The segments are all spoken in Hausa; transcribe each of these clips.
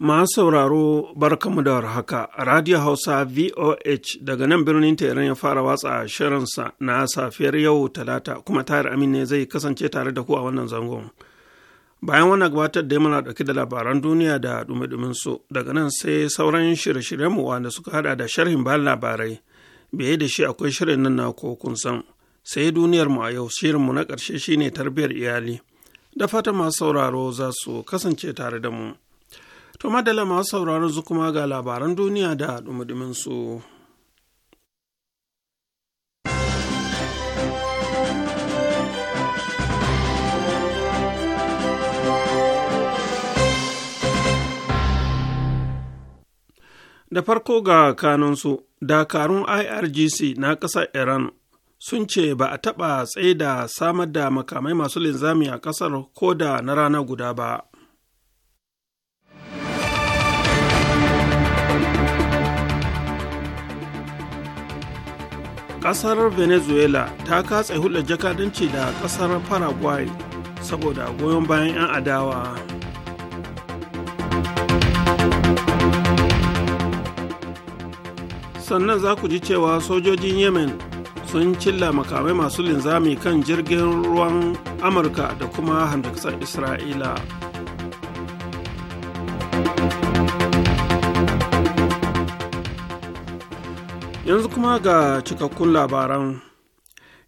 Masu sauraro barkamu da warhaka, Radio Hausa VOH daga nan birnin tairan ya fara watsa shirinsa na safiyar yau talata kuma tayar amin ne zai kasance tare da ku a wannan zangon. Bayan wani gabatar da muna ɗauki da labaran duniya da ɗume su daga nan sai sauran shirye shiryen mu wanda suka hada da sharhin bayan labarai, biye da shi akwai shirin nan na ko kun san. Sai duniyarmu a yau shirin mu na ƙarshe shine tarbiyar iyali. Da fatan masu sauraro za su kasance tare da mu. To madala masu sauraron su kuma ga labaran duniya da dumudumin su. Da farko ga su, dakarun IRGC na ƙasar Iran sun ce ba a taɓa tsaye da samar da makamai masu linzami a ƙasar ko da na rana guda ba. Ƙasar venezuela ta katse hulɗar jakadanci da ƙasar paraguay saboda goyon bayan 'yan adawa sannan za ku ji cewa sojojin yemen sun cilla makamai masu linzami kan jirgin ruwan amurka da kuma hamdaksar isra'ila yanzu kuma ga cikakkun labaran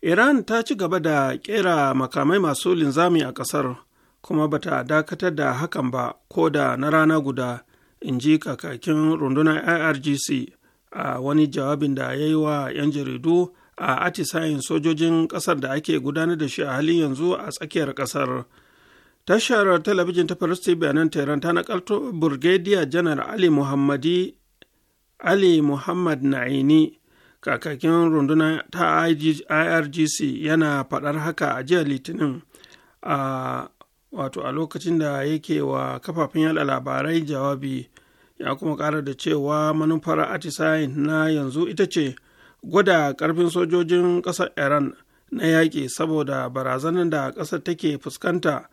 iran ta ci gaba da kera makamai masu linzami a kasar kuma bata dakatar da hakan ba ko da na rana guda in ji kakakin rundunar irgc a wani jawabin da ya yi wa 'yan jaridu a atisayin sojojin kasar da ake gudanar da shi a halin yanzu a tsakiyar kasar tashar talabijin ta faris bayanan a tehran ta nakalto brigadier janar ali muhammadi ali muhammad na'ini kakakin runduna ta irgc yana faɗar haka a jiya litinin a wato a lokacin da yake wa kafafen yada labarai jawabi ya kuma ƙara da cewa manufar atisayin na yanzu ita ce gwada ƙarfin sojojin ƙasar iran na yaƙi saboda barazanar da ƙasar take fuskanta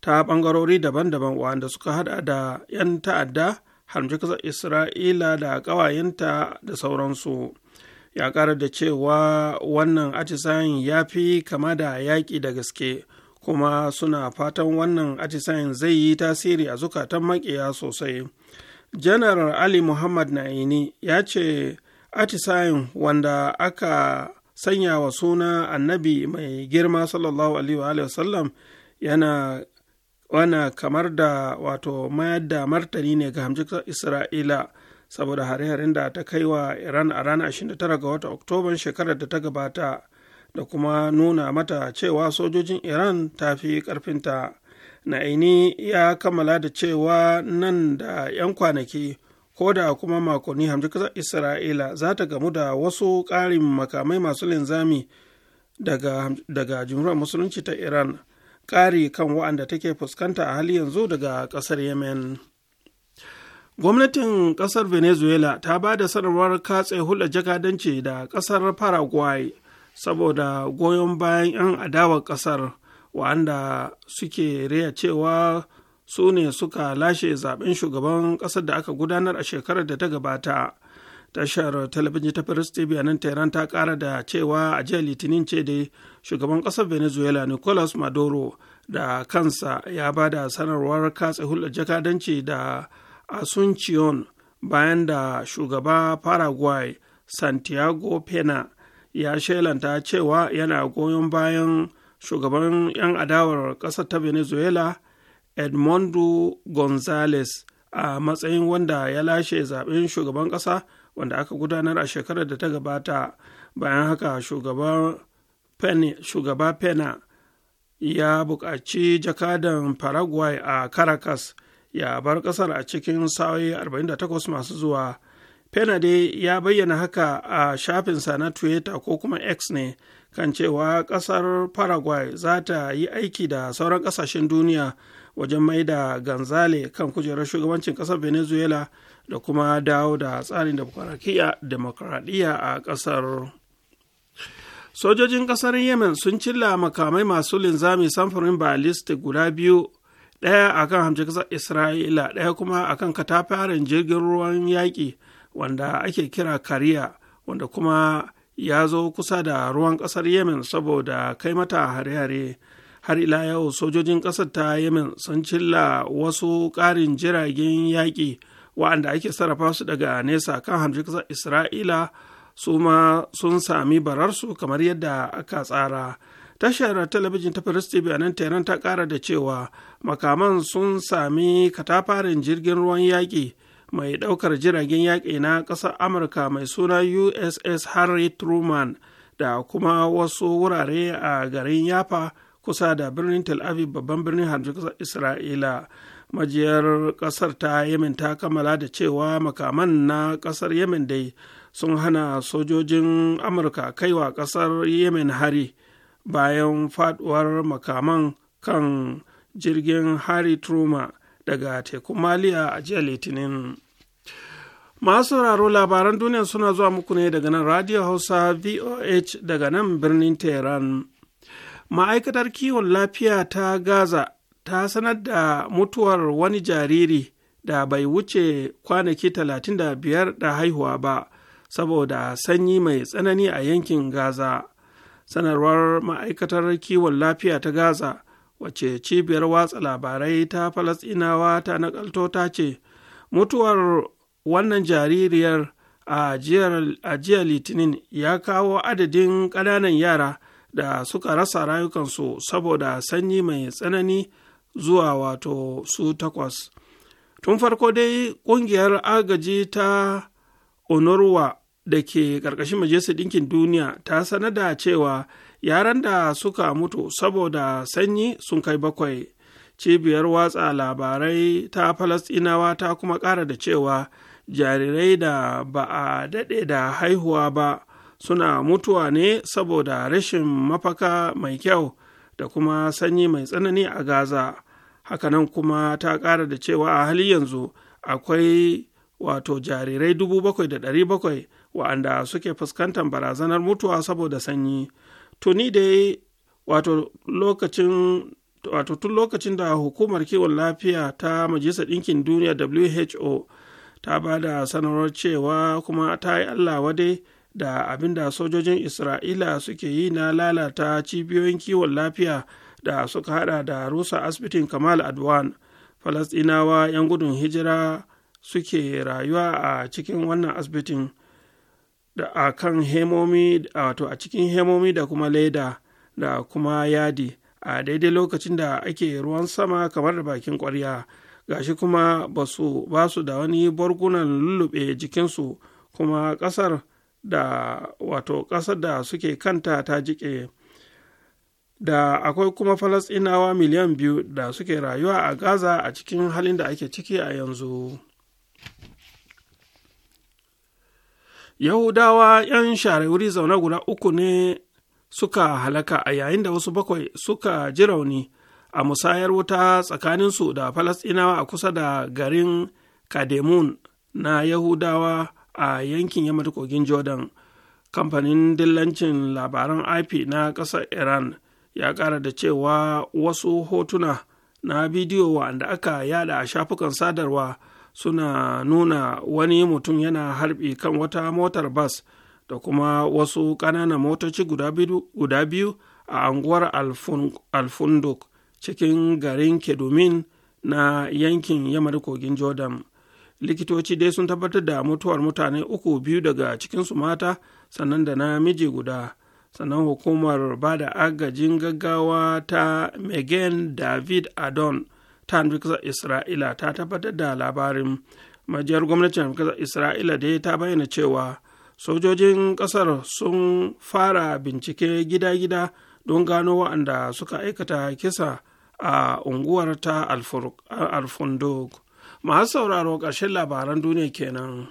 ta ɓangarori daban-daban wanda suka hada da 'yan ta'adda harmci kasar isra'ila da ƙawayenta da sauransu ya ƙara da cewa wannan atisayin ya fi kama da yaƙi da gaske kuma suna fatan wannan atisayin zai yi tasiri a zukatan maƙiya sosai janar ali muhammad na'ini ya ce atisayin wanda aka sanya wa suna annabi mai girma sallallahu alaihi wasallam yana wana kamar da wato mayar da martani ne ga hamjikar isra'ila saboda hare-haren da ta kai wa iran a ranar 29 ga wata oktoban shekarar da ta gabata da kuma nuna mata cewa sojojin iran ta fi karfinta aini ya kammala da cewa nan da 'yan kwanaki ko da kuma makonni hamjikar isra'ila za ta gamu da wasu ƙarin makamai masu linzami daga, daga musulunci ta iran ƙari kan wa'anda take fuskanta a hali yanzu daga ƙasar yemen gwamnatin ƙasar venezuela ta ba da sanarwar katse hulɗa jakadanci da ƙasar paraguay saboda goyon bayan 'yan adawar ƙasar wa'anda suke raya cewa su ne suka lashe zaben shugaban ƙasar da aka gudanar a shekarar da ta gabata tashar talabijin ta paris tv a nan tehran ta ƙara da cewa a jiya litinin ce dai shugaban ƙasar venezuela nicolas maduro da kansa ya ba da sanarwar katse hulɗar jakadanci da asuncion bayan da shugaba paraguay santiago pena ya shelanta cewa yana goyon bayan shugaban 'yan adawar ƙasar ta venezuela edmondo gonzales a matsayin wanda ya lashe zaben shugaban ƙasa wanda aka gudanar a shekarar da ta gabata bayan haka shugaban Pen shugaba Pena ya buƙaci jakadan Paraguay a Caracas ya bar ƙasar a cikin sa'o'i 48 masu zuwa. Pena dai ya bayyana haka a shafinsa na Twitter ko kuma X ne kan cewa ƙasar Paraguay za ta yi aiki da sauran ƙasashen duniya wajen mai da ganzale kan kujerar shugabancin ƙasar Venezuela da kuma dawo da tsarin demokuraɗiyya a ƙasar. sojojin ƙasar yemen sun cilla makamai masu linzami samfurin ballistic guda biyu ɗaya akan hamshe ƙasar isra'ila ɗaya kuma akan katafaren jirgin ruwan yaƙi wanda ake kira kariya wanda kuma ya zo kusa da ruwan ƙasar yemen saboda kai mata hare-hare har ila yau sojojin ƙasar ta yemen sun cilla wasu ƙarin jiragen yaƙi wa'anda ake sarrafa su daga nesa kan hamshe ƙasar isra'ila su ma sun sami bararsu kamar yadda aka tsara tashar talabijin ta Paris TV a nan ta kara da cewa makaman sun sami katafarin jirgin ruwan yaƙi mai ɗaukar jiragen yaƙi na ƙasar Amurka mai suna USS Harry Truman da kuma wasu wurare a garin yapa kusa da birnin Tel Aviv babban birnin Hamdukasar Isra'ila. Majiyar ƙasar ta yamin ta kammala da cewa makaman na ƙasar Yemen dai sun hana sojojin amurka kaiwa ƙasar yemen hari bayan faduwar makaman kan jirgin hari truma daga tekun maliya a jiya litinin masu sauraro labaran duniya suna zuwa muku ne daga nan radio hausa voh daga nan birnin tehran ma'aikatar kiwon lafiya ta gaza ta sanar da mutuwar wani jariri da bai wuce kwanaki 35 da haihuwa ba saboda sanyi mai tsanani a yankin gaza sanarwar ma'aikatar kiwon lafiya ta gaza wace cibiyar watsa labarai ta Falasɗinawa ta nakalto ta ce mutuwar wannan jaririyar a jiya litinin ya kawo adadin ƙananan yara da suka rasa rayukansu saboda sanyi mai tsanani zuwa wato su takwas tun farko dai ƙungiyar agaji ta unurwa. da ke ƙarƙashin majalisar ɗinkin duniya ta sanar da cewa yaran da suka mutu saboda sanyi sun kai bakwai cibiyar watsa labarai ta falastinawa ta kuma ƙara da cewa jarirai da ba a daɗe da haihuwa ba suna mutuwa ne saboda rashin mafaka mai kyau da kuma sanyi mai tsanani a gaza hakanan kuma ta ƙara da cewa a hali yanzu akwai wato jarirai 7,700 wa'anda suke fuskantar barazanar mutuwa saboda sanyi tuni dai wato lokacin wato tun lokacin da hukumar kiwon lafiya ta majalisar ɗinkin duniya who ta ba da sanarwar cewa kuma ta yi allah wade da abin da sojojin isra'ila suke yi na lalata cibiyoyin kiwon lafiya da suka hada da rusa asibitin kamal adwan falasɗinawa 'yan gudun hijira suke rayuwa a cikin wannan asibitin da a kan hemomi wato a cikin hemomi da kuma leda da kuma yadi a daidai lokacin da ake ruwan sama kamar da bakin kwarya gashi kuma ba su ba su da wani burgunan lullube jikinsu kuma ƙasar da wato ƙasar da suke kanta ta jike da akwai kuma falasɗinawa miliyan biyu da suke rayuwa a gaza a cikin halin da ake ciki a yanzu. Yahudawa ‘yan share wuri zaune guda uku ne suka halaka a yayin da wasu bakwai suka ji rauni a musayar wuta tsakaninsu da Falasɗinawa a kusa da garin Kademun na Yahudawa a yankin yammata kogin Jordan. Kamfanin dillancin labaran IP na ƙasar Iran ya ƙara da cewa wasu hotuna na bidiyo wanda aka yada a shafukan sadarwa suna nuna wani mutum yana harbi kan wata motar bas da kuma wasu ƙananan motoci guda biyu a anguwar alfunduk cikin garin kedumin na yankin yamar kogin jordan likitoci dai sun tabbatar da mutuwar mutane uku biyu daga cikinsu mata sannan da namiji guda sannan hukumar ba da agajin gaggawa ta megan david adon ta kasar isra'ila ta tabbatar da labarin majiyar gwamnatin kasar isra'ila dai ta bayyana cewa sojojin kasar sun fara bincike gida-gida don gano waɗanda suka aikata kisa a unguwar ta alfundog masu sauraro ƙarshen labaran duniya kenan.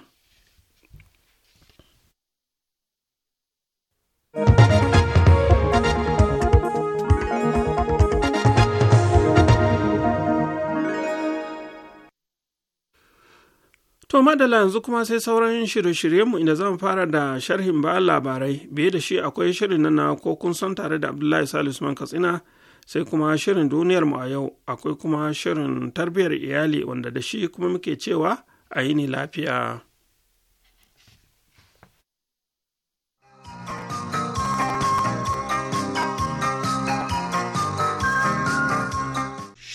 To madala yanzu kuma sai sauran shirye-shiryenmu inda zan fara da sharhin ba labarai biye da shi akwai shirin na ko kun san tare da Abdullahi Salisu man Katsina sai kuma shirin duniyar mu a yau akwai kuma shirin tarbiyyar iyali wanda da shi kuma muke cewa a yi ni lafiya.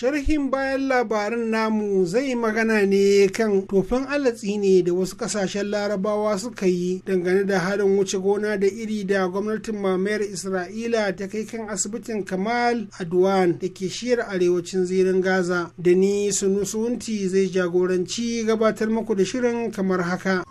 sharhin bayan labaran namu zai magana ne kan tofin alatsi ne da wasu kasashen larabawa suka yi dangane da harin wuce gona da iri da gwamnatin mamayar isra'ila ta kai kan asibitin kamal adwan da ke shiyar arewacin zirin gaza da ni sunusunti zai jagoranci gabatar muku da shirin kamar haka.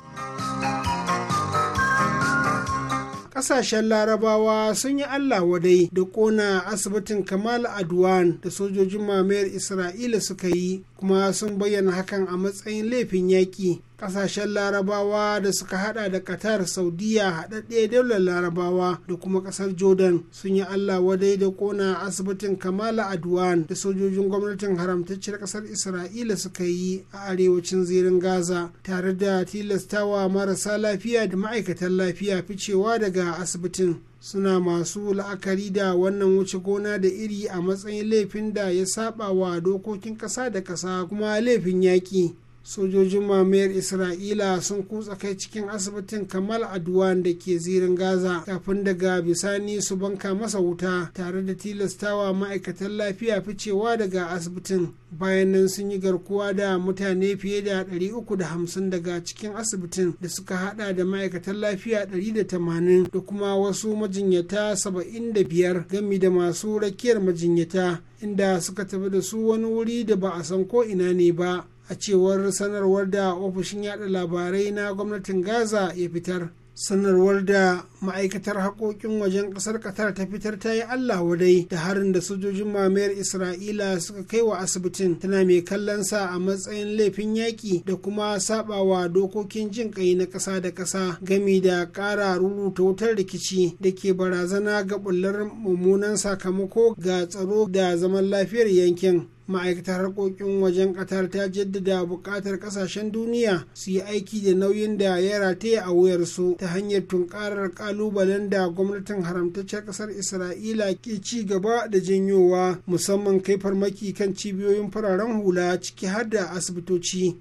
kasashen larabawa sun yi allah wadai da kona asibitin kamal adwan da sojojin mamayar isra'ila suka yi kuma sun bayyana hakan a matsayin laifin yaƙi kasashen larabawa da suka hada da qatar saudiya haɗaɗɗe daular larabawa da kuma ƙasar jordan sun yi allah wadai da kona asibitin kamala adwan da sojojin gwamnatin haramtacciyar ƙasar isra'ila suka yi a arewacin zirin gaza tare da tilastawa marasa lafiya da ma'aikatan lafiya ficewa daga asibitin suna masu la'akari da wannan wuce gona da iri a matsayin laifin da ya saba wa dokokin ƙasa da ƙasa kuma laifin yaƙi sojojin mamayar isra'ila sun kutsa kai cikin asibitin kamal adwan da ke zirin gaza kafin daga bisani su banka masa wuta tare da tilastawa ma'aikatan lafiya ficewa daga asibitin bayan nan sun yi garkuwa da mutane fiye da 350 daga cikin asibitin da suka hada da ma'aikatan lafiya 180 da kuma wasu majinyata 75 gami da masu rakiyar majinyata inda suka tafi da su wani wuri da ba a san ko ina ne ba a cewar sanarwar da ofishin yada labarai na gwamnatin gaza ya fitar sanarwar da ma'aikatar haƙoƙin wajen ƙasar qatar ta fitar ta yi allah wadai da harin da sojojin mamayar isra'ila suka kai wa asibitin tana mai kallon sa a matsayin laifin yaƙi da kuma sabawa dokokin jin ƙai na ƙasa da ƙasa gami da ƙara rubuta wutar rikici da ke barazana ga ɓullar mummunan sakamako ga tsaro da zaman lafiyar yankin ma'aikatar harkokin wajen ƙatar ta jaddada buƙatar ƙasashen duniya su yi aiki da nauyin da ya rataya a wuyarsu ta hanyar tunkarar ƙalubalen da gwamnatin haramtaccen ƙasar isra'ila ke ci gaba da janyowa musamman kai farmaki kan cibiyoyin fararen hula ciki har da asibitoci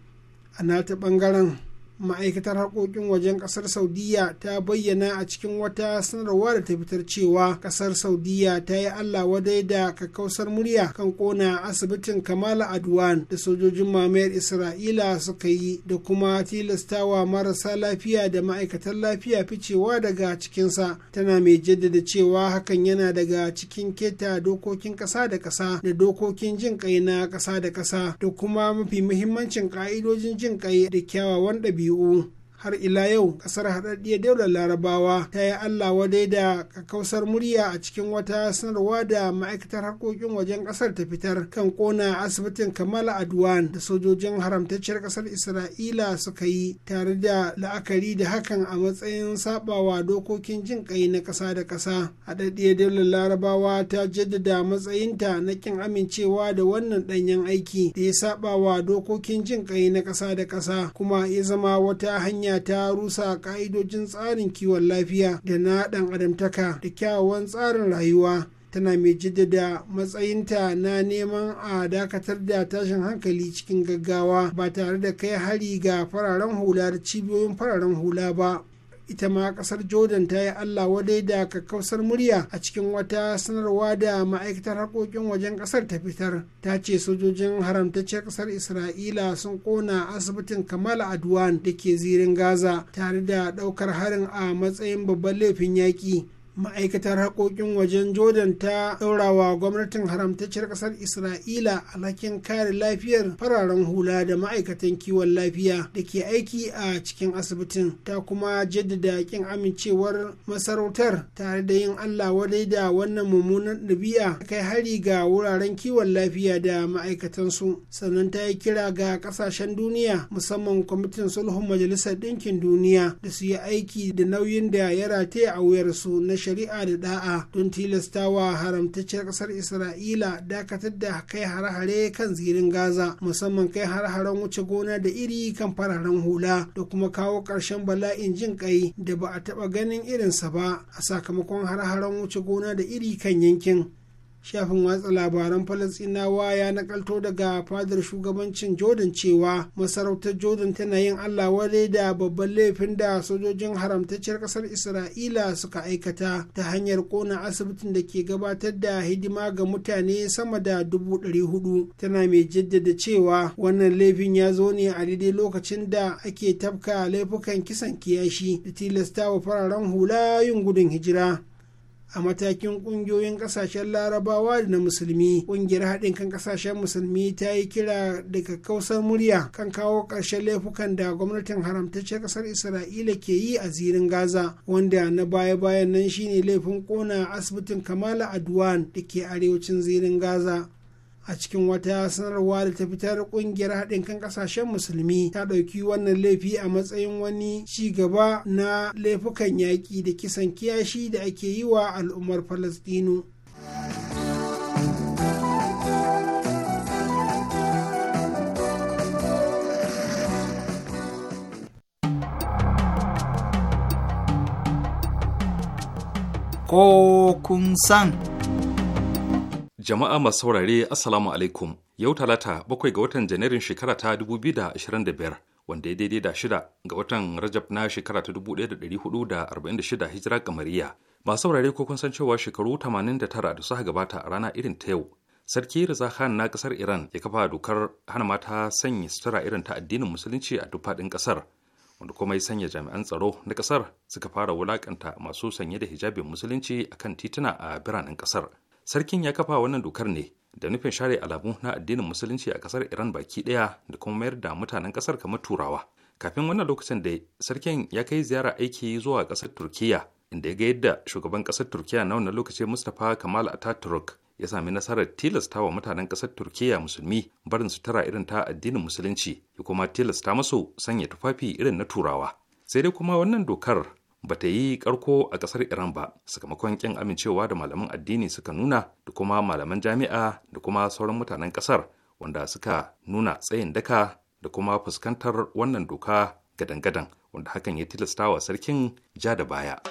a nata ɓangaren ma'aikatar harkokin wajen ƙasar saudiya ta bayyana a cikin wata sanarwa da ta fitar cewa ƙasar saudiya ta yi allah wadai da kakkausar murya kan kona asibitin kamala adwan da sojojin mamayar isra'ila suka yi da kuma tilastawa marasa lafiya da ma'aikatan lafiya ficewa daga cikinsa tana mai jaddada cewa hakan yana daga cikin keta dokokin ƙasa da ƙasa da dokokin jin kai na ƙasa da ƙasa da kuma mafi muhimmancin ƙa'idojin jin kai da kyawawan ɗabi'u 嘟 har ila yau kasar haɗaɗɗiyar daular larabawa ta yi allah wadai da kakausar murya a cikin wata sanarwa da ma'aikatar harkokin wajen ƙasar ta fitar kan kona asibitin kamal adwan da sojojin haramtacciyar ƙasar isra'ila suka yi tare da la'akari da hakan a matsayin sabawa dokokin jin ƙai na ƙasa da ƙasa haɗaɗɗiyar daular larabawa ta jaddada matsayinta na ƙin amincewa da wannan ɗanyen aiki da ya sabawa dokokin jin ƙai na ƙasa da ƙasa kuma ya zama wata hanya duniya ta rusa ka'idojin tsarin kiwon lafiya da na ɗan adamtaka da kyawawan tsarin rayuwa tana mai jaddada matsayinta na neman a dakatar da tashin hankali cikin gaggawa ba tare da kai hari ga fararen hula da cibiyoyin fararen hula ba ita ma kasar jordan ta yi allah wadai da kakkausar murya a cikin wata sanarwa da ma'aikatar harkokin wajen kasar ta fitar ta ce sojojin haramtacciyar kasar isra'ila sun kona asibitin kamal adwan da ke zirin gaza tare da daukar harin a matsayin babban laifin yaƙi ma'aikatar Haƙoƙin wajen jordan ta ɗaurawa gwamnatin haramtacciyar ƙasar isra'ila alhakin kare lafiyar fararen hula da ma'aikatan kiwon lafiya da ke aiki a cikin asibitin ta kuma jaddada ƙin amincewar masarautar tare da yin allah wadai da wannan mummunan ɗabi'a kai hari ga wuraren kiwon lafiya da ma'aikatansu sannan ta yi kira ga ƙasashen duniya musamman kwamitin sulhun majalisar ɗinkin duniya da su yi aiki da nauyin da ya rataya a wuyarsu na shari'a da da'a don tilastawa haramtacciyar ƙasar isra'ila dakatar da kai hare-hare kan zirin gaza musamman kai hare-haren wuce gona da iri kan fararen hula da kuma kawo ƙarshen bala'in jin kai da ba a taɓa ganin irinsa ba a sakamakon hare-haren wuce gona da iri kan yankin shafin watsa labaran falasinawa ya nakalto daga fadar shugabancin jordan cewa masarautar jordan tana yin allah wale da babban laifin da sojojin haramtacciyar kasar isra'ila suka aikata ta hanyar kona asibitin da ke gabatar da hidima ga mutane sama da dubu ɗari hudu tana mai jaddada cewa wannan laifin ya zo ne a daidai lokacin da ake tafka laifukan kisan kiyashi da tilastawa fararen hula yin gudun hijira a matakin kungiyoyin kasashen larabawa da na musulmi kungiyar haɗin kan kasashen musulmi ta yi kira daga kausar murya kan kawo ƙarshen laifukan da gwamnatin haramtacciyar ƙasar isra'ila ke yi a zirin gaza wanda na baya bayan nan shine laifin kona asibitin kamala adwan da ke arewacin zirin gaza a cikin wata sanarwa da ta fitar kungiyar haɗin kan ƙasashen musulmi ta ɗauki wannan laifi a matsayin wani ci gaba na laifukan yaƙi da kisan kiyashi da ake yi wa al'ummar falastinu Ko kun san. Jama'a masu saurare Assalamu alaikum. Yau talata bakwai ga watan Janairun shekara ta 2025 wanda ya daidai da shida ga watan Rajab na shekara ta 1446 hijira kamariya. Masu saurare ko kun san cewa shekaru 89 da suka gabata a rana irin ta yau. Sarki Reza Khan na kasar Iran ya kafa dokar hana mata sanya sutura irin ta addinin musulunci a duk faɗin kasar. Wanda kuma ya sanya jami'an tsaro na kasar suka fara wulakanta masu sanye da hijabin musulunci akan tituna a biranen kasar. sarkin ya kafa wannan dokar ne da nufin share alamu na addinin musulunci a kasar iran baki daya da kuma mayar da mutanen kasar kamar turawa kafin wannan lokacin da sarkin ya kai ziyara aiki zuwa kasar turkiya inda ya ga yadda shugaban kasar turkiya na wannan lokaci mustapha kamal ataturk ya sami nasarar tilasta wa mutanen kasar turkiya musulmi barin sutura irin ta addinin musulunci ya kuma tilasta masu sanya tufafi irin na turawa sai dai kuma wannan dokar ba ta yi karko a kasar Iran ba sakamakon kyan amincewa da malaman addini suka nuna da kuma malaman jami'a da kuma sauran mutanen kasar wanda suka nuna tsayin daka da kuma fuskantar wannan doka gadan-gadan wanda hakan ya tilasta wa sarkin ja da baya.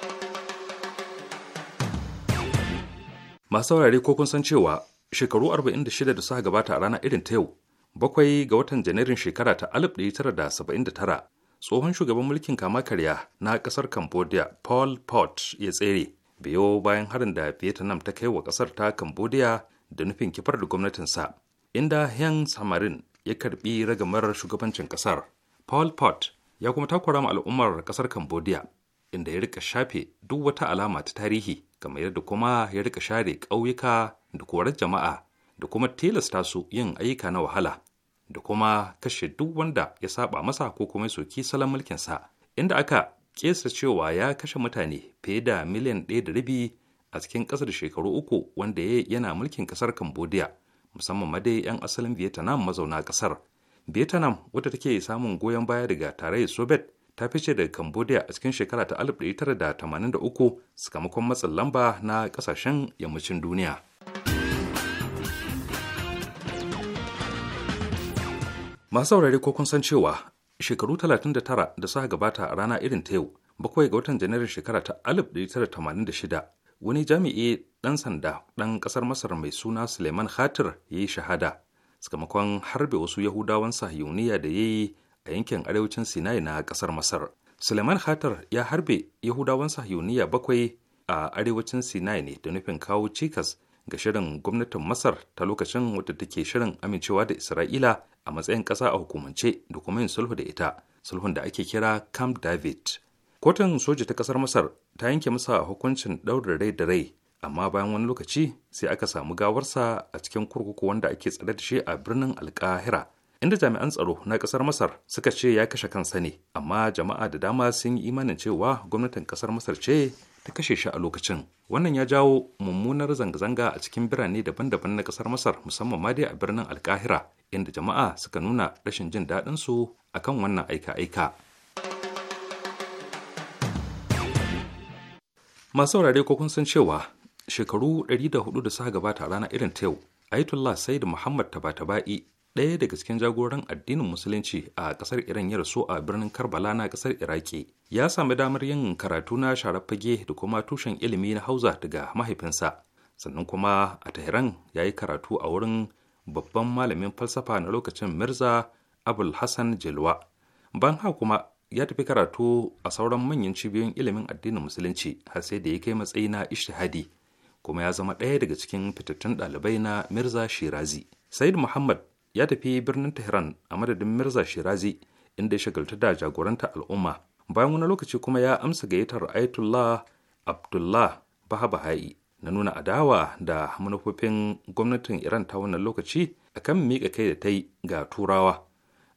Masu saurare ko kun san cewa shekaru 46 da suka gabata a rana irin ta yau, bakwai ga watan Janairun shekara ta 1979 tsohon shugaban mulkin kama karya na kasar cambodia paul pot ya tsere biyo bayan harin da vietnam ta kai wa kasar ta cambodia da nufin kifar da gwamnatinsa inda heng samarin ya karbi ragamar shugabancin kasar paul pot ya kuma takura ma al'ummar kasar cambodia inda ya rika shafe duk wata alama ta tarihi kamar yadda kuma ya rika share ƙauyuka da korar jama'a da kuma tilasta su yin ayyuka na wahala da kuma kashe duk wanda ya saba masa ko kuma soki salon mulkinsa inda aka kesa cewa ya kashe mutane fiye da miliyan ɗaya da rabi a cikin ƙasar shekaru uku wanda ya yana mulkin ƙasar cambodia musamman ma dai 'yan asalin vietnam mazauna ƙasar vietnam wadda take samun goyon baya daga tarayyar soviet ta fice daga cambodia a cikin shekara ta 1983 sakamakon matsin lamba na ƙasashen yammacin duniya masu saurare ko kun san cewa shekaru 39 da suka gabata a rana irin ta yau bakwai ga watan janairun shekara ta 1986 wani jami'i ɗan sanda ɗan ƙasar masar mai suna suleiman khatir ya yi shahada sakamakon harbe wasu yahudawan sahiyuniya da ya yi a yankin arewacin sinai na ƙasar masar suleiman khatir ya harbe yahudawan sahiyuniya bakwai a arewacin sinai ne da nufin kawo cikas ga shirin gwamnatin masar ta lokacin wadda take shirin amincewa da isra'ila a matsayin ƙasa a hukumance da kuma yin sulhu da ita sulhun da ake kira camp david kotun soja ta ƙasar masar ta yanke masa hukuncin ɗaurin rai da rai amma bayan wani lokaci sai aka samu gawarsa a cikin kurkuku wanda ake tsare da shi a birnin alkahira inda jami'an tsaro na ƙasar masar suka ce ya kashe kansa ne amma jama'a da dama sun yi imanin cewa gwamnatin ƙasar masar ce ta kashe shi a lokacin wannan ya jawo mummunar zanga-zanga a cikin birane daban-daban na kasar masar musamman ma dai a birnin alkahira inda jama'a suka nuna rashin jin daɗin su akan wannan aika-aika masu saurare ko kun san cewa shekaru 104 da suka gabata rana irin ta yau Aitullah said muhammad tabatabai ɗaya daga cikin jagoran addinin musulunci a ƙasar iran ya rasu a birnin karbala na ƙasar iraki ya sami damar yin karatu na sharafage da kuma tushen ilimi na hauza daga mahaifinsa sannan kuma a tehran ya yi karatu a wurin babban malamin falsafa na lokacin mirza abul hassan jelwa ban ha kuma ya tafi karatu a sauran manyan cibiyoyin ilimin addinin musulunci har sai da ya kai matsayi na ishtihadi kuma ya zama ɗaya daga cikin fitattun ɗalibai na mirza shirazi said muhammad ya tafi birnin tehran a madadin mirza shirazi inda ya shagalta da jagoranta al'umma bayan wani lokaci kuma ya amsa gayyatar ayatullah abdullah baha bahai na nuna adawa da manufofin gwamnatin iran ta wannan lokaci akan miƙa kai da ta yi ga turawa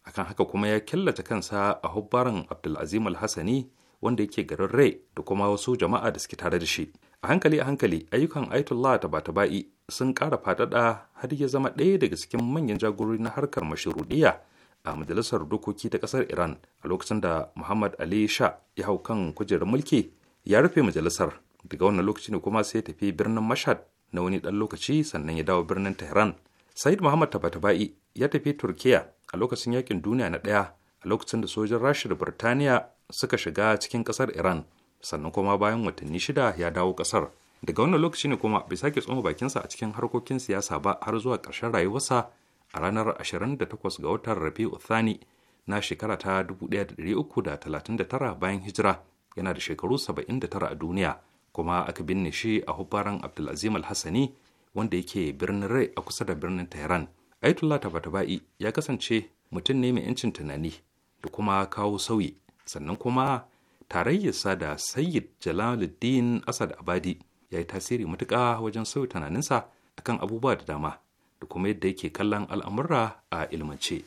akan haka kuma ya killace kansa a hubbaran abdulazim alhassani wanda yake garin rai da kuma wasu jama'a da suke tare da shi a hankali a hankali ayyukan aitullah ta ba'i sun ƙara faɗaɗa har ya zama ɗaya daga cikin manyan jagorori na harkar mashirudiyya a majalisar dokoki ta ƙasar iran a lokacin da muhammad ali sha ya hau kan kujerar mulki ya rufe majalisar daga wannan lokaci ne kuma sai ya tafi birnin mashad na wani ɗan lokaci sannan ya dawo birnin tehran said muhammad tabatabai ya tafi turkiya a lokacin yakin duniya na ɗaya a lokacin da sojin rasha birtaniya suka shiga cikin ƙasar iran sannan kuma bayan watanni shida ya dawo kasar daga wannan lokaci ne kuma bai sake tsoma bakinsa a cikin harkokin siyasa ba har zuwa ƙarshen rayuwarsa a ranar 28 ga watan rabi'u thani na shekara ta 1339 bayan hijira yana da shekaru 79 a duniya kuma aka binne shi a hubbaran abdulazim alhassani wanda yake birnin rai a kusa da birnin tehran ayatollah tabatabai ya kasance mutum ne mai 'yancin tunani da kuma kawo sauyi sannan kuma tarayyarsa da sayyid jalaluddin asad abadi ya yi tasiri matuƙa wajen sauya tunaninsa akan abubuwa da dama da kuma yadda yake kallon al'amurra a ilmance.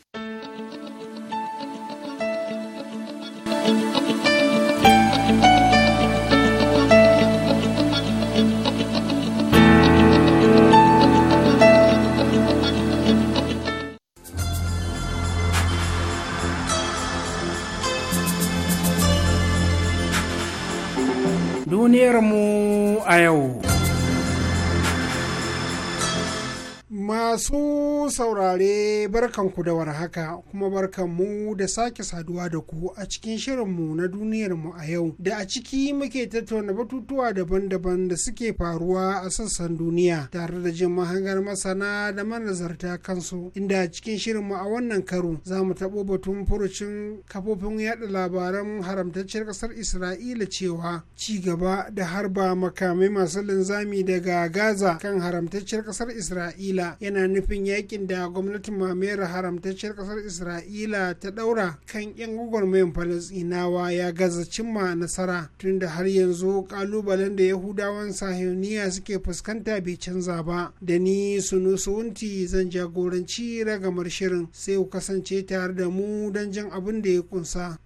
duniyarmu a yau. Masu saurare barkanku da warhaka kuma barkanmu da sake saduwa da ku a cikin shirinmu na duniyarmu a yau da a ciki muke tattauna batutuwa daban-daban da suke faruwa a sassan duniya tare da jin mahangar masana da manazarta kansu inda a cikin shirinmu a wannan karo za mu taɓo batun furucin kafofin yada labaran haramtacciyar ƙasar Isra'ila cewa ci gaba da harba makamai masu linzami daga Gaza kan haramtacciyar ƙasar Isra'ila yana nufin yakin da gwamnatin mamayar haramtacciyar kasar isra'ila ta daura kan yan gwagwarmayan falasinawa ya gaza cimma nasara tunda har yanzu kalubalen da yahudawan sahiyoniya suke fuskanta bai canza ba da ni wunti zan jagoranci ragamar shirin sai ku kasance tare da mu don jan abin da ya kunsa.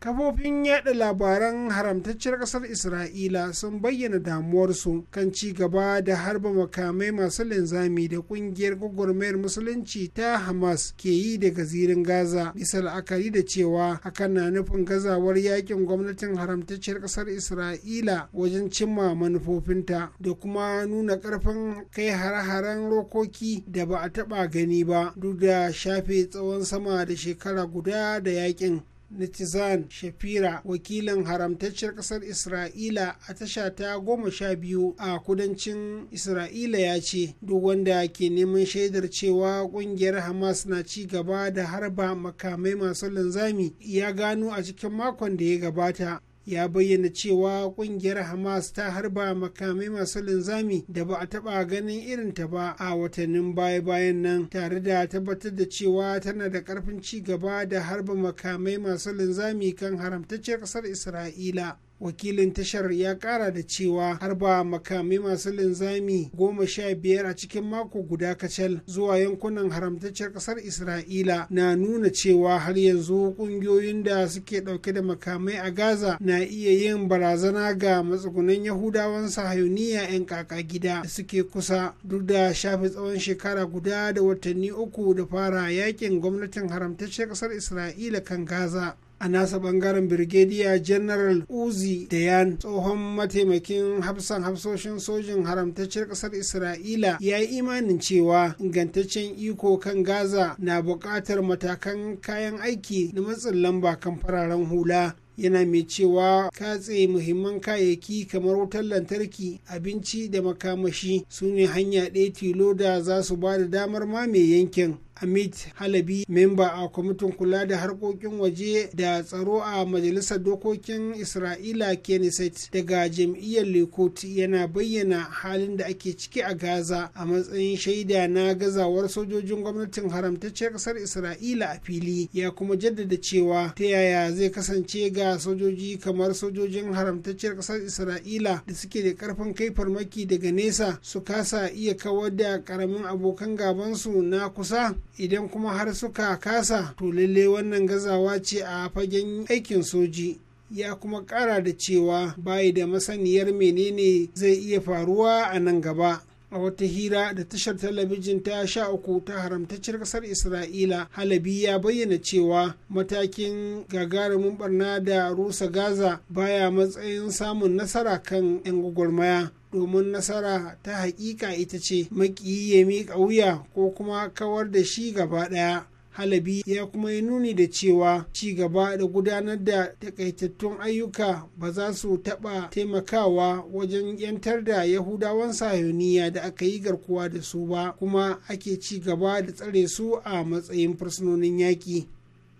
kafofin yada labaran haramtacciyar kasar isra'ila sun bayyana damuwarsu kan ci gaba da harba makamai masu linzami da kungiyar gwagwarmayar musulunci ta hamas ke yi daga zirin gaza bisa la'akari da cewa hakan na nufin gazawar yakin gwamnatin haramtacciyar kasar isra'ila wajen cimma manufofinta da kuma nuna karfin kai hare-haren rokoki da ba a taba gani ba duk da shafe tsawon sama da shekara guda da yakin Nitizan Shafira wakilin haramtacciyar ƙasar Isra'ila a tasha ta goma sha biyu a kudancin Isra'ila ya ce duk wanda ke neman shaidar cewa ƙungiyar Hamas na ci gaba da harba makamai masu linzami ya gano a cikin makon da ya gabata ya bayyana cewa kungiyar hamas ta harba makamai masu linzami da ba a taba ganin irin ta ba a watannin baya-bayan nan tare da tabbatar da cewa tana da karfin ci gaba da harba makamai masu linzami kan haramtacciyar kasar isra'ila wakilin tashar ya kara da cewa harba makami masu linzami goma sha biyar a cikin mako guda kacal zuwa yankunan haramtacciyar kasar isra'ila na nuna cewa har yanzu kungiyoyin da suke dauke da makamai a gaza na iya yin barazana ga matsugunan yahudawan sahayuniya 'yan kaka gida da suke kusa duk da shafe tsawon shekara guda da watanni uku da fara yakin gwamnatin haramtacciyar kasar isra'ila kan gaza a nasa bangaren birgediya general uzi dayan tsohon mataimakin hafsan hafsoshin sojin haramtaccen kasar isra'ila ya yi imanin cewa ingantaccen iko kan gaza na buƙatar matakan kayan aiki na matsin lamba kan fararen hula yana mai cewa katse muhimman kayayyaki kamar wutar lantarki abinci da makamashi su ne hanya ɗaya tilo da za su ba da damar mamaye yankin amit halabi memba a kwamitin kula da harkokin waje da tsaro a majalisar dokokin isra'ila kenneth daga jam'iyyar likud yana bayyana halin da ake ciki a gaza a matsayin shaida na gazawar sojojin gwamnatin haramtacciyar ƙasar isra'ila a fili ya kuma jaddada cewa ta yaya zai kasance ga sojoji kamar sojojin haramtacciyar ƙasar isra'ila da suke da ƙarfin kai farmaki daga nesa su kasa iya kawar da ƙaramin abokan gabansu na kusa idan kuma har suka kasa to lalle wannan gazawa ce a fagen aikin soji ya kuma kara da cewa bayi da masaniyar menene zai iya faruwa a nan gaba a wata hira da tashar talabijin ta sha uku ta haramtacciyar ƙasar isra'ila halabi ya bayyana cewa matakin gagarumin barna da rusa gaza baya matsayin samun nasara kan 'yan gwagwarmaya domin nasara ta hakika ita ce makiyi ya miƙa wuya ko kuma kawar da shi gaba ɗaya halabi ya kuma yi nuni da cewa ci gaba da gudanar da takaitattun ayyuka ba za su taɓa taimakawa wajen yantar da yahudawan sayoniya da aka yi garkuwa da su ba kuma ake ci gaba da tsare su a matsayin fursunonin yaƙi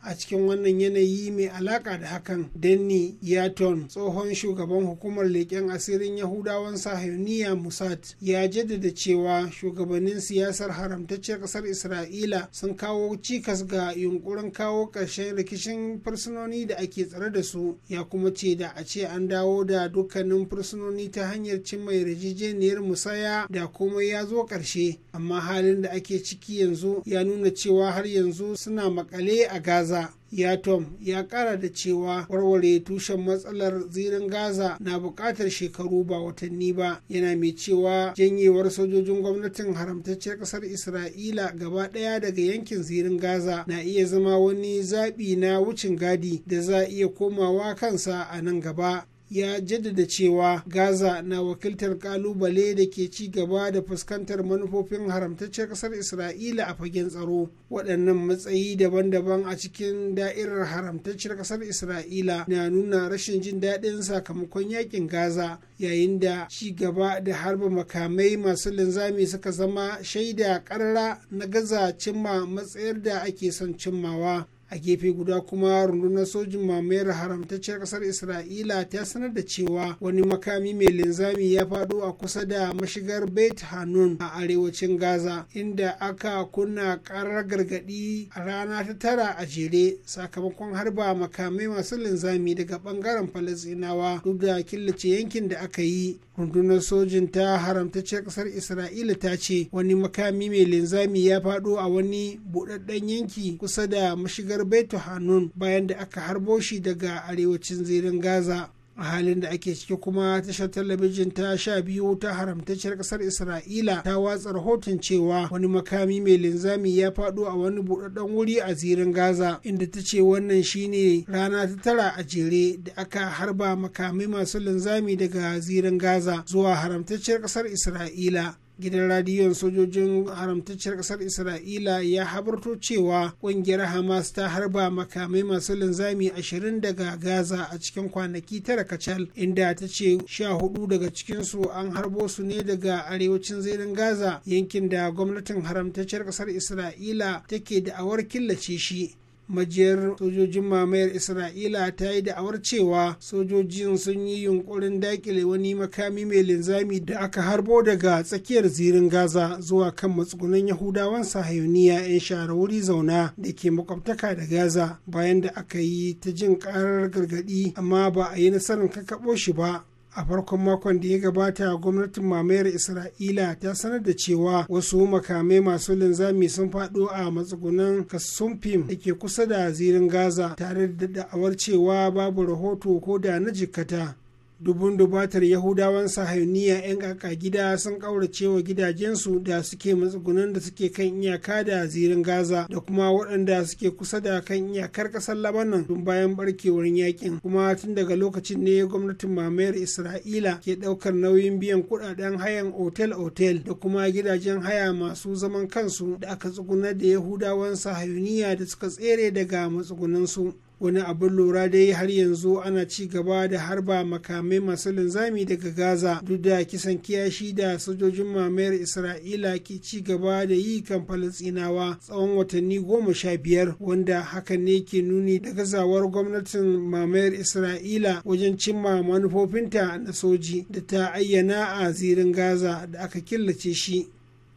a cikin wannan yanayi mai alaka da hakan denny yaton tsohon shugaban hukumar leƙen asirin yahudawan sahiyoniya musat ya jaddada cewa shugabannin siyasar haramtacciyar ƙasar isra'ila sun kawo cikas ga yunkurin kawo ƙarshen rikicin fursunoni da ake tsare da su ya kuma ce da a ce an dawo da dukkanin fursunoni ta hanyar cin cimma yarjejeniyar musaya da komai ya zo ƙarshe amma halin da ake ciki yanzu ya nuna cewa har yanzu suna makale a gaza yatom ya kara da cewa warware tushen matsalar zirin gaza na bukatar shekaru ba watanni ba yana mai cewa janyewar sojojin gwamnatin haramtacciyar kasar isra'ila gaba ɗaya daga yankin zirin gaza na iya zama wani zaɓi na wucin gadi da za a iya komawa kansa a nan gaba ya jaddada cewa gaza na wakiltar kalubale da ke ci gaba da fuskantar manufofin haramtacciyar kasar isra'ila a fagen tsaro waɗannan matsayi daban-daban a cikin da'irar haramtacciyar kasar isra'ila na nuna rashin jin daɗin sakamakon yakin gaza yayin da ci gaba da harba makamai masu linzami suka zama shaida ƙarara na gaza cimma matsayar da ake son cimmawa a gefe guda kuma rundunar sojin mamayar haramtacciyar kasar isra'ila ta sanar da cewa wani makami mai linzami ya faɗo a kusa da mashigar beit hanun a arewacin gaza inda aka kunna karar gargaɗi a rana ta tara a jere sakamakon harba makamai masu linzami daga ɓangaren falasinawa duk da killace yankin da aka yi rundunar sojin ta haramtacciyar kasar isra'ila ta ce wani makami mai linzami ya faɗo a wani buɗaɗɗen yanki kusa da mashigar mamayar Beto hanun bayan da aka harbo shi daga arewacin zirin gaza a halin da ake ciki kuma tashar talabijin ta sha biyu ta haramtacciyar kasar isra'ila ta watsa rahoton cewa wani makami mai linzami ya faɗo a wani buɗaɗɗen wuri a zirin gaza inda ta ce wannan shine rana ta tara a jere da aka harba makami masu linzami daga zirin gaza zuwa haramtacciyar kasar isra'ila gidan radiyon sojojin haramtacciyar kasar isra'ila ya habarto cewa kungiyar hamas ta harba makamai masu linzami ashirin daga gaza a cikin kwanaki tara kacal inda ta ce sha hudu daga cikinsu an harbo su ne daga arewacin zirin gaza yankin da gwamnatin haramtacciyar kasar isra'ila take da'awar killace shi majiyar sojojin mamayar isra'ila ta yi da'awar cewa sojojin sun yi yunkurin dakile wani makami mai linzami da aka harbo daga tsakiyar zirin gaza zuwa kan matsugunan yahudawan sahayoniya 'yan shara wuri zauna da ke makwabtaka da gaza bayan da aka yi ta jin karar gargadi amma ba a yi nasarar kakaɓo shi ba a farkon makon da ya gabata gwamnatin mamayar isra'ila ta sanar da cewa wasu makamai masu linzami sun faɗo a matsugunan kasumfim da ke kusa da zirin gaza tare da da'awar cewa babu rahoto ko da na jikkata dubun dubatar yahudawan sahayuniya 'yan kaka gida sun ƙaurace wa gidajensu da suke matsugunan da suke kan iyaka da zirin gaza da kuma waɗanda suke kusa da kan iyakar ƙasar labanan tun bayan barkewar yakin kuma tun daga lokacin ne gwamnatin mamayar isra'ila ke ɗaukar nauyin biyan kuɗaɗen hayan otel otel da kuma gidajen haya masu zaman kansu da aka tsugunar da yahudawan sahayuniya da suka tsere daga matsugunansu wani abin lura dai har yanzu ana ci gaba da harba makamai masu linzami daga gaza duk da kisan kiyashi da sojojin mamayar isra'ila ke ci gaba da yi kan falastinawa tsawon watanni goma sha biyar wanda hakan ne ke nuni da gazawar gwamnatin mamayar isra'ila wajen cimma manufofinta na soji da ta ayyana a zirin gaza da aka killace shi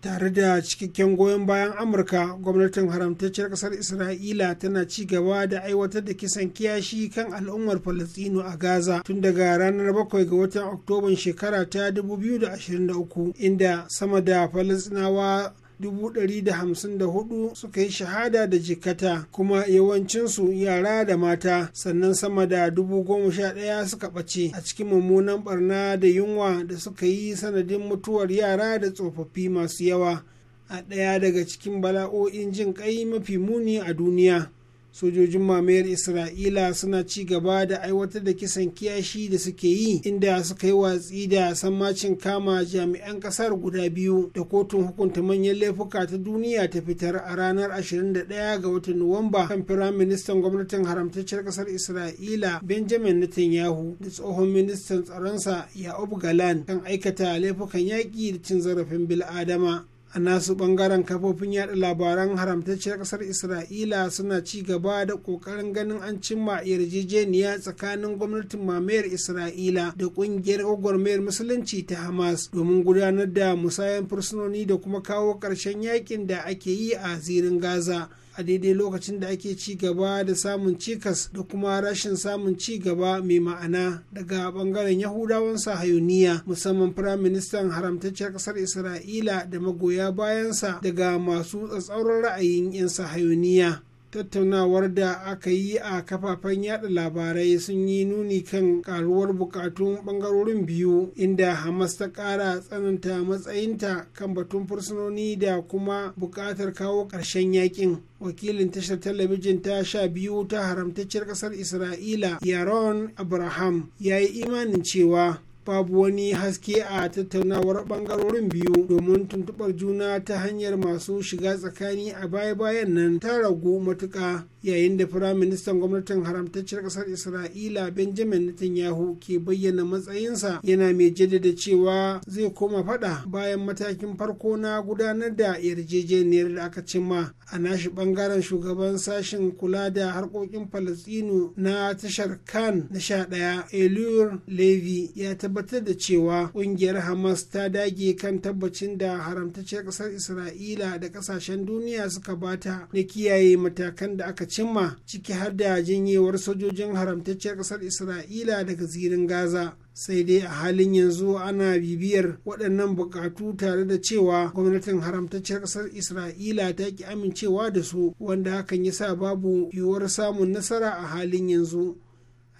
tare da cikakken goyon bayan amurka gwamnatin haramtacciyar kasar isra'ila tana ci gaba da aiwatar da kisan kiyashi kan al'ummar palestino a gaza tun daga ranar 7 ga watan oktoban shekara ta 2023 inda sama da falastinawa hudu suka yi shahada da jikata kuma yawancinsu yara da mata sannan sama da 11,000 suka ɓace a cikin mummunan barna da yunwa da suka yi sanadin mutuwar yara da tsofaffi masu yawa a ɗaya daga cikin bala'o'in jin ƙai mafi muni a duniya sojojin mamayar isra'ila suna ci gaba da aiwatar da kisan kiyashi da suke yi inda suka yi watsi da sammacin kama jami'an kasar guda biyu da kotun hukunta manyan laifuka ta duniya ta fitar a ranar 21 ga watan nuwamba kan firayim ministan gwamnatin haramtacciyar kasar isra'ila benjamin netanyahu da tsohon ministan tsaronsa ya'ub galan kan aikata laifukan yaƙi da cin zarafin bil'adama a nasu bangaren kafofin yada labaran haramtacciyar kasar isra'ila suna ci gaba da kokarin ganin an cimma yarjejeniya tsakanin gwamnatin mamayar isra'ila da kungiyar gwagwarmayar musulunci ta hamas domin gudanar da musayan fursunoni da kuma kawo ƙarshen yakin da ake yi a zirin gaza a daidai lokacin da ake ci gaba da samun cikas da kuma rashin samun ci gaba mai ma'ana daga bangaren yahudawan sahayuniya musamman firaministan haramtacciyar kasar isra'ila da magoya bayansa daga masu tsatsauran ra'ayin 'yan sahayuniya tattaunawar da aka yi a kafafen yada labarai sun yi nuni kan karuwar bukatun bangarorin biyu inda hamas ta kara tsananta matsayinta kan batun fursunoni da kuma bukatar kawo ƙarshen yakin wakilin tashar talabijin ta sha biyu ta haramtacciyar ƙasar isra'ila yaron abraham ya yi imanin cewa babu wani haske a tattaunawar bangarorin biyu domin tuntubar juna ta hanyar masu shiga tsakani a baya-bayan nan ta ragu matuƙa yayin da firaministan gwamnatin haramtaccen ƙasar isra'ila benjamin netanyahu ke bayyana matsayinsa yana mai jaddada cewa zai koma faɗa. bayan matakin farko na gudanar da yarjejeniyar da aka cimma a nashi bangaren shugaban sashen kula da harkokin falastinu na tashar kan na sha ɗaya elur levy ya tabbatar da cewa ƙungiyar hamas ta dage kan tabbacin da haramtaccen ƙasar isra'ila da ƙasashen duniya suka bata na kiyaye matakan da aka cimma ciki har da janyewar sojojin haramtacciyar ƙasar isra'ila daga zirin gaza sai dai a halin yanzu ana bibiyar waɗannan buƙatu tare da cewa gwamnatin haramtacciyar ƙasar isra'ila ta ki amincewa da su wanda hakan ya sa babu yiwuwar samun nasara a halin yanzu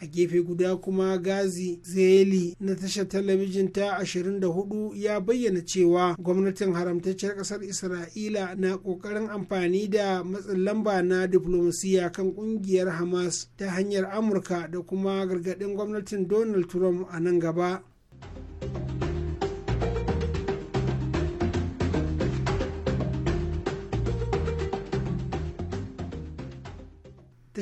a gefe guda kuma gazi zeli na tashar talabijin ta 24 ya bayyana cewa gwamnatin haramtacciyar kasar isra'ila na kokarin amfani da matsin lamba na diplomasiya kan kungiyar hamas ta hanyar amurka da kuma gargaɗin gwamnatin donald trump a nan gaba.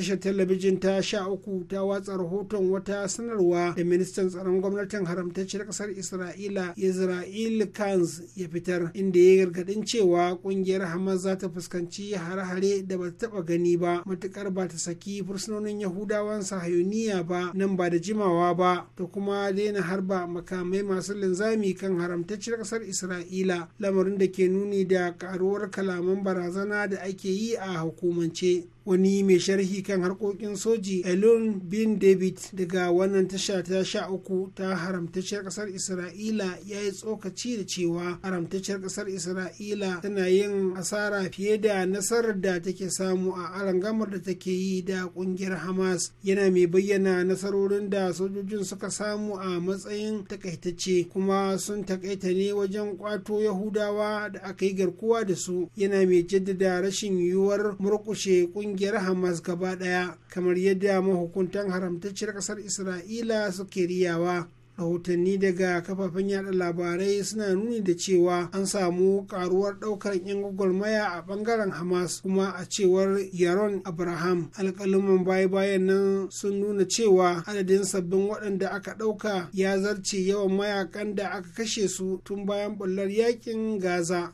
tashar talabijin ta sha uku ta watsa rahoton wata sanarwa da ministan tsaron gwamnatin haramtacciyar kasar isra'ila israel kanz ya fitar inda ya gargadin cewa kungiyar hamas za ta fuskanci hare-hare da ba ta taba gani ba matukar ba ta saki fursunonin yahudawan sahayoniya ba nan ba da jimawa ba da kuma daina harba makamai masu linzami kan haramtacciyar kasar isra'ila lamarin da ke nuni da karuwar kalaman barazana da ake yi a hukumance wani mai sharhi kan harkokin soji elon bin david daga wannan tasha ta sha uku ta haramtacciyar kasar isra'ila ya yi tsokaci da cewa haramtacciyar kasar isra'ila tana yin asara fiye da nasarar da take samu a arangamar da take yi da kungiyar hamas yana mai bayyana nasarorin da sojojin suka samu a matsayin takaitacce kuma sun takaita ne wajen kwato yahudawa da aka yi garkuwa da su yana mai jaddada rashin yiwuwar murkushe kungiyar kungiyar hamas gaba daya kamar yadda mahukuntan haramtacciyar kasar isra'ila suke riyawa rahotanni daga kafafen yada labarai suna nuni da cewa an samu karuwar daukar yan gwagwarmaya a bangaren hamas kuma a cewar yaron abraham alkaliman baya-bayan nan sun nuna cewa adadin sabbin waɗanda aka ɗauka ya zarce yawan mayakan da aka kashe su tun bayan bullar yakin gaza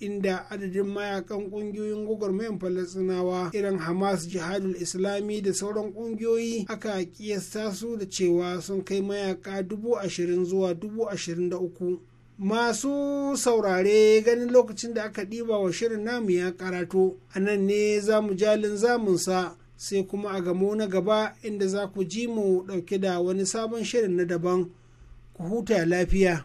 inda adadin mayakan kungiyoyin gwagwarmayan falasinawa irin hamas jihadul islami da sauran kungiyoyi aka kiyasta su da cewa sun kai mayaka dubu ashirin zuwa dubu ashirin da uku masu saurare ganin lokacin da aka ɗiba wa shirin namu ya karatu. a nan ne za mu jalin zamunsa sai kuma a gamo na gaba inda za ku ji mu ɗauke da wani sabon shirin na daban ku huta lafiya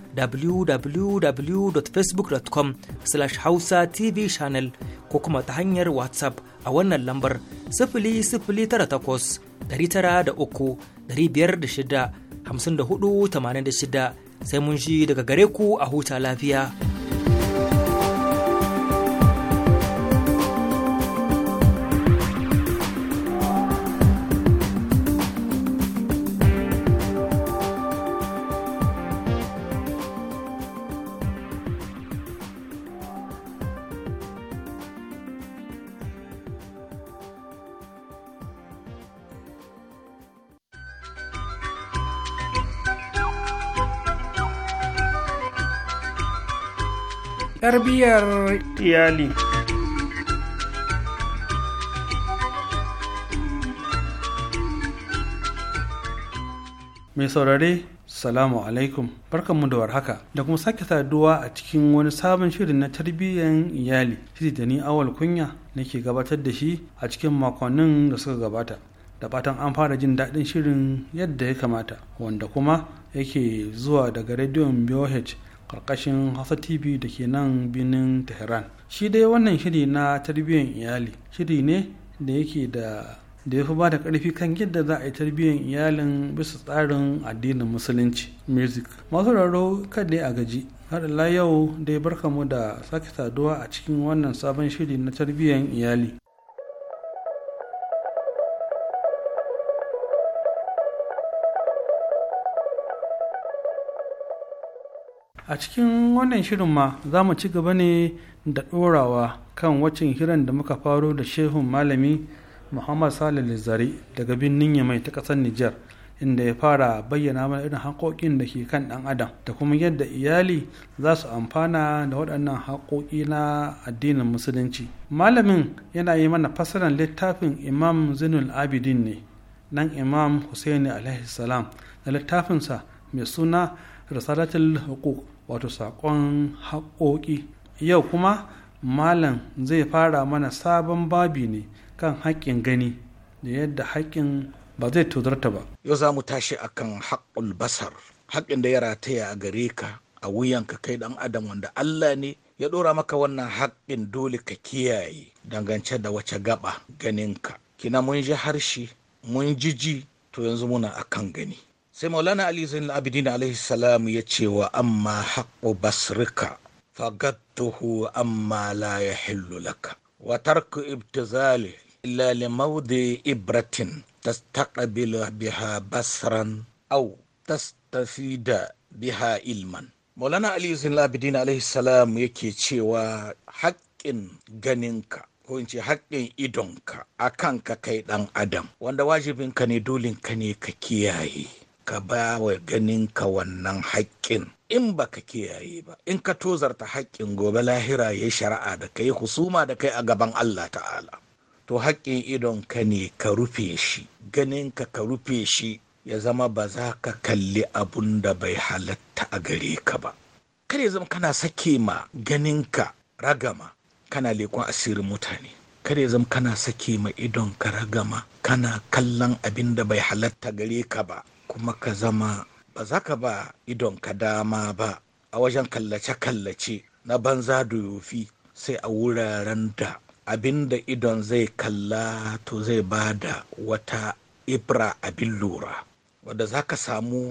www.facebook.com slash hausa tv channel ko kuma ta hanyar whatsapp a wannan lambar takwas, tara da da shida, hamsin da hudu, tamanin da shida sai mun ji daga gare ku a huta lafiya. tarbiyyar iyali mai saurare salamu alaikum barkanmu da warhaka da kuma sake saduwa a cikin wani sabon shirin na tarbiyyar iyali shiri da ni awal kunya nake gabatar da shi a cikin makonnin da suka gabata da fatan an fara jin daɗin shirin yadda ya kamata wanda kuma yake zuwa daga rediyon BOH karkashin hausa tv da ke nan birnin tehran shi dai wannan shiri na tarbiyyar iyali shiri ne da yake da da ya fi ba da ƙarfi kan yadda za a yi tarbiyyar iyalin bisa tsarin addinin musulunci music masu raro kada a gaji haɗala yau dai barkamu da sake saduwa a cikin wannan sabon shiri na tarbiyyar iyali a cikin wannan shirin ma za mu ci gaba ne da ɗorawa kan waccan hiran da muka faro da shehun malami muhammad salih zari daga birnin yamai ta ƙasar nijar inda ya fara bayyana mana irin haƙoƙin da ke kan ɗan adam da kuma yadda iyali za su amfana da waɗannan haƙoƙi na addinin musulunci malamin yana yi mana fassarar littafin imam zinul abidin ne nan imam husaini alaihi salam da littafinsa mai suna risalatul hukuk wato saƙon haƙoƙi yau kuma malam zai fara mana sabon babi ne kan haƙƙin gani da yadda haƙƙin ba zai tozarta ba yau za mu tashi akan haƙƙul basar haƙƙin da ya rataya a gare ka a wuyanka kai ɗan adam wanda allah ne ya ɗora maka wannan haƙƙin dole ka kiyaye dangance da wace gaba ganinka kina mun ji harshe mun ji ji to yanzu muna akan gani sai maulana ali zain abidin alaihi salam ya ce wa amma haƙo basrika fagattuhu amma la ya laka wa tarku ibtizali illa li mawdi ibratin tastaqbilu biha basran aw tastafida biha ilman maulana ali zain abidin alaihi salam yake cewa haƙƙin ganinka ko in haƙƙin idonka a kanka kai ɗan adam wanda wajibinka ne dolinka ne ka kiyaye ka ba wa ganinka wannan haƙƙin in ba ka kiyaye ba in ka tozarta haƙƙin gobe lahira ya shari'a da kai husuma da kai a gaban Allah ta'ala to haƙƙin idon ka ne ka rufe shi ganinka ka rufe shi ya zama ba za ka kalli abun da bai halatta a gare ka ba kada ya zama kana sake ma ganinka ragama kana lekon asirin mutane kada ya zama kana sake ma idon ka ragama kana kallon abin da bai halatta gare ka ba kuma ka zama ba za ka ba idon ka dama ba a wajen kallace-kallace na banza da yofi sai a wuraren da abin da idon zai kalla to zai ba da wata ibra abin lura wadda za ka samu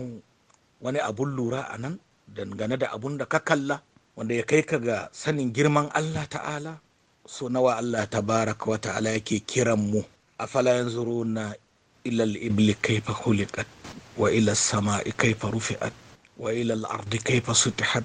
wani abun lura a nan dangane da abun da ka kalla wanda ya kai ka ga sanin girman Allah ta'ala so nawa Allah ta baraka wata ala yake kiran mu a falayan zuru na ila al-ibli kayfa khuliqat wa ila as-sama'i kayfa rufi'at wa ila ardi kaifa sutihat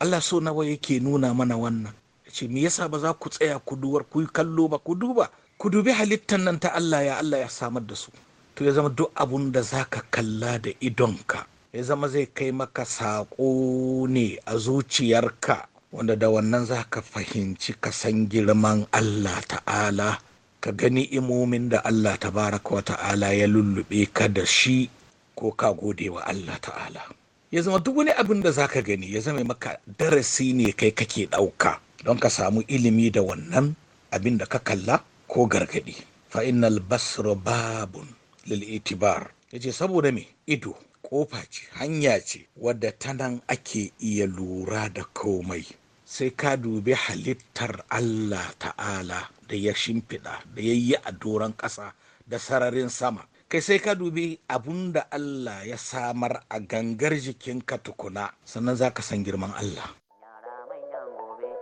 Allah so nawa yake nuna mana wannan ce me yasa ba za ku tsaya ku duwar ku kallo ba ku duba ku dubi halittan nan ta Allah ya Allah ya samar da su to ya zama duk abun da zaka kalla da idonka ya zama zai kai maka saƙo ne a zuciyarka wanda da wannan zaka fahimci ka san girman Allah ta'ala ka gani imomin da Allah ta wa ta'ala ya lullube ka da shi ko ka gode wa Allah ta'ala ya zama duk wani abin da za ka gani ya zama maka darasi ne kai kake ɗauka don ka samu ilimi da wannan abin da ka kalla ko gargaɗi. Fa'inal Basro babun lilitibar ya ce saboda me ido ƙofa ce hanya ce wadda ta nan ake iya lura da komai sai ka dubi halittar Allah ta'ala da ya shimfiɗa da ya yi a doron ƙasa da sararin sama kai sai ka dubi abun da Allah ya samar a gangar jikinka tukuna sannan za ka san girman Allah yara manyan gobe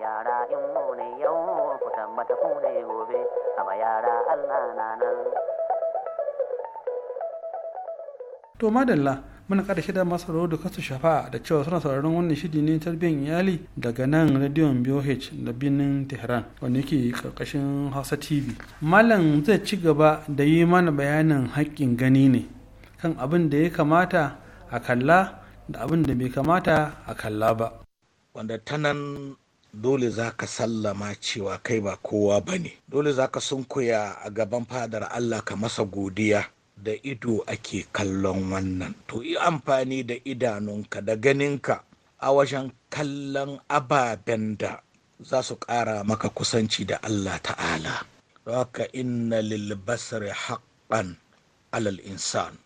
yara to madalla muna kada shida masu rawar da kasu shafa da cewa suna sauraron wannan shidi ne tarbiyyar iyali daga nan rediyon BOH da birnin Tehran wanda yake karkashin Hausa TV. Malam zai ci gaba da yi mana bayanin haƙƙin gani ne kan abin da ya kamata a kalla da abin da bai kamata a kalla ba. Wanda ta nan dole za ka sallama cewa kai ba kowa ba ne dole za ka sunkuya a gaban fadar Allah ka masa godiya da ido ake kallon wannan to yi amfani da idanunka da ganinka a wajen kallon ababen da za su ƙara maka kusanci da Allah ta'ala haka inna lil basari haqqan alal insan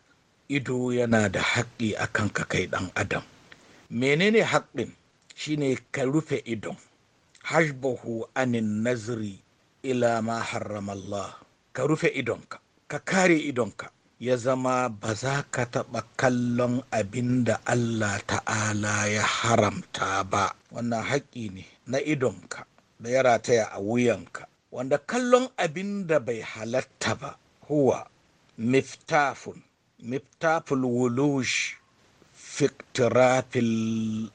ido yana da haƙƙi akan ka kai ɗan adam menene haƙƙin shine ka rufe idon hajbahu anin nazri ila ma haramallah! ka rufe idonka ka kare idonka ya zama ba za ka taɓa kallon abin da Allah ta'ala ya haramta ba wannan haƙƙi ne na idonka da ya rataya a wuyanka wanda kallon abin da bai halatta ba huwa miftafun miftaful wulush fiktirafil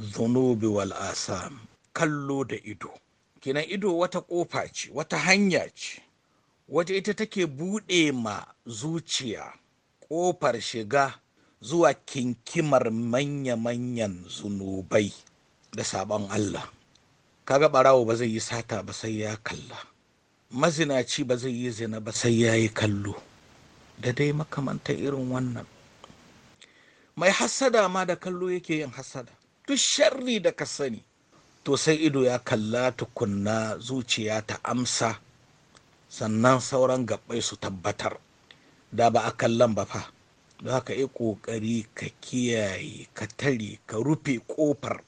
zunubi wal asam kallo da ido kinan ido wata ƙofa ce wata hanya ce wata ita take buɗe ma zuciya ƙofar shiga zuwa kinkimar manya-manyan zunubai da sabon Allah. Kaga ɓarawo ba zai yi sata ba sai ya kalla, mazinaci ba zai yi zina ba sai ya yi kallo, da dai makamanta irin wannan. Mai hassada ma da kallo yake yin hassada, duk sharri da ka sani, to sai ido ya kalla tukunna zuciya ta amsa. sannan sauran gabbai su tabbatar da ba a kallon ba fa don haka yi ƙoƙari ka kiyaye ka tare ka rufe ƙofar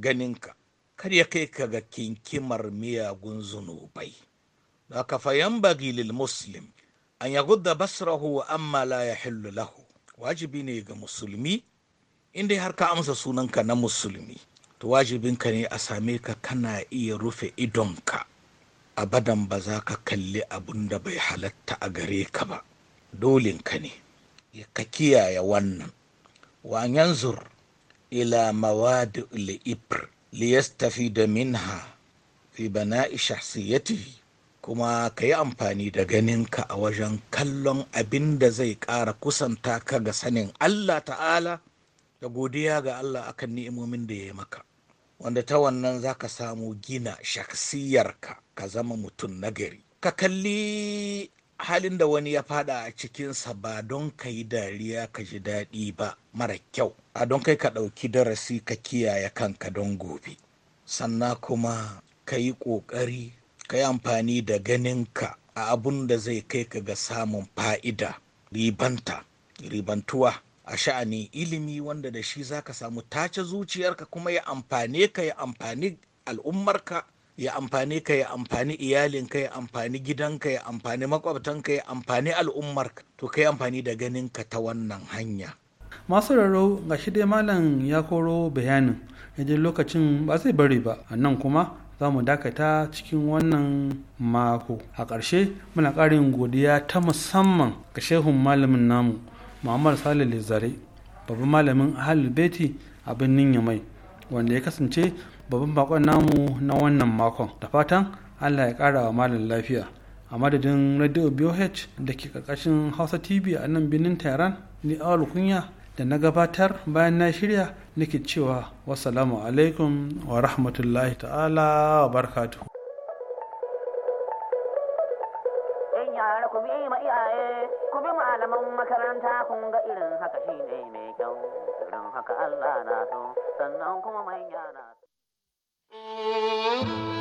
ganinka kar ya kai ka ga kinkimar miyagun zunubai don haka fayan bagi lil muslim an ya gudda basrahu amma la ya hillu lahu wajibi ne ga musulmi inda har ka amsa sunanka na musulmi to wajibinka ne a same ka kana iya rufe idonka abadan ba za ka kalli abun da bai halatta a gare ka ba dolinka ne ka kiyaye wannan wa zur ila mawadi ibr liyastafi da minha fi bana'i shahsiyatihi kuma ka yi amfani da ganinka a wajen kallon abin da zai ƙara kusanta ka ga sanin Allah ta'ala da godiya ga Allah akan ni'imomin da ya yi maka wanda ta wannan za ka samu gina shaksiyarka ka zama mutum nagari ka kalli halin da wani ya fada a cikinsa ba don ka yi dariya ka ji daɗi ba mara kyau a don kai ka ɗauki darasi ka kiyaye kanka don gobe sannan kuma ka yi ƙoƙari ka yi amfani da ganinka a abun da zai kai ka ga samun fa'ida ribanta ribantuwa a sha'ani, ilimi wanda da shi za ka samu tace zuciyarka kuma ya amfane ka ya amfani al'ummarka ya amfani ka ya amfani iyalinka ya amfani gidanka ya amfani makwabtanka ya amfani al'ummarka to kai amfani da ganinka ta wannan hanya masu raro ga shi dai malam ya koro bayanin yaje lokacin ba zai bari ba a nan kuma za mu dakata cikin wannan mako a ƙarshe muna ƙarin godiya ta musamman ga shehun malamin namu muhammad salih lizare babban malamin ahalul beti a birnin yamai wanda ya kasance babban bakon namu na wannan makon da fatan allah ya kara wa malin lafiya a madadin radio boh da ke karkashin hausa tv a nan birnin tehran ni awal kunya da na gabatar bayan na shirya nake cewa wasalamu alaikum wa rahmatullahi ta'ala wa barkatu. Allah na sannan kuma manya na Música uhum.